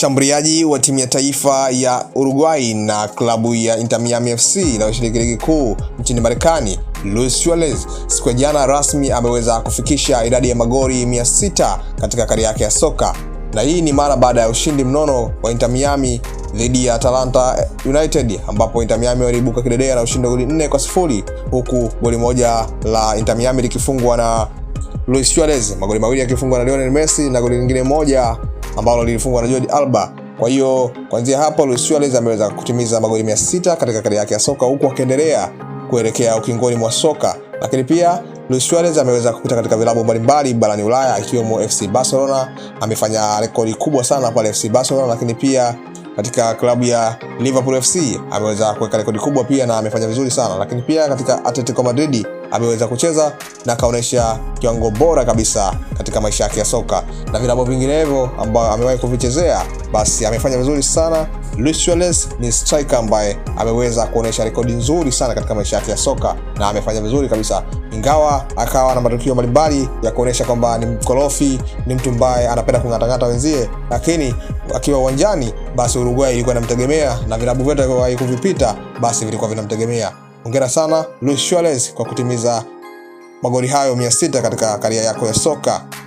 Mshambuliaji wa timu ya taifa ya Uruguay na klabu ya Inter Miami FC inayoshiriki ligi kuu nchini Marekani, Luis Suarez siku ya jana rasmi ameweza kufikisha idadi ya magoli 600 katika kari yake ya soka, na hii ni mara baada ya ushindi mnono wa Inter Miami dhidi ya Atalanta United ambapo Inter Miami waliibuka kidedea na ushindi wa goli 4 kwa sifuri huku goli moja la Inter Miami likifungwa na Luis Suarez, magoli mawili yakifungwa na Lionel Messi na goli lingine moja ambalo lilifungwa na Jordi Alba. Kwa hiyo kuanzia hapo Luis Suarez ameweza kutimiza magoli mia sita katika kari yake ya soka huku akiendelea kuelekea ukingoni mwa soka. Lakini pia Luis Suarez ameweza kupita katika vilabu mbalimbali barani Ulaya akiwemo FC Barcelona, amefanya rekodi kubwa sana pale FC Barcelona, lakini pia katika klabu ya Liverpool FC ameweza kuweka rekodi kubwa pia na amefanya vizuri sana, lakini pia katika Atletico Madrid ameweza kucheza na akaonyesha kiwango bora kabisa katika maisha yake ya soka na vilabu vinginevyo ambayo amewahi kuvichezea, basi amefanya vizuri sana. Luis Suarez ni striker ambaye ameweza kuonyesha rekodi nzuri sana katika maisha yake ya soka na amefanya vizuri kabisa, ingawa akawa na matukio mbalimbali ya kuonyesha kwamba ni mkorofi, ni mtu mbaye anapenda kung'atang'ata wenzie, lakini akiwa uwanjani, basi Uruguay ilikuwa inamtegemea na vilabu vyote alivyowahi kuvipita, basi vilikuwa vinamtegemea. Hongera sana Luis Suarez kwa kutimiza magoli hayo 600 katika karia yako ya soka.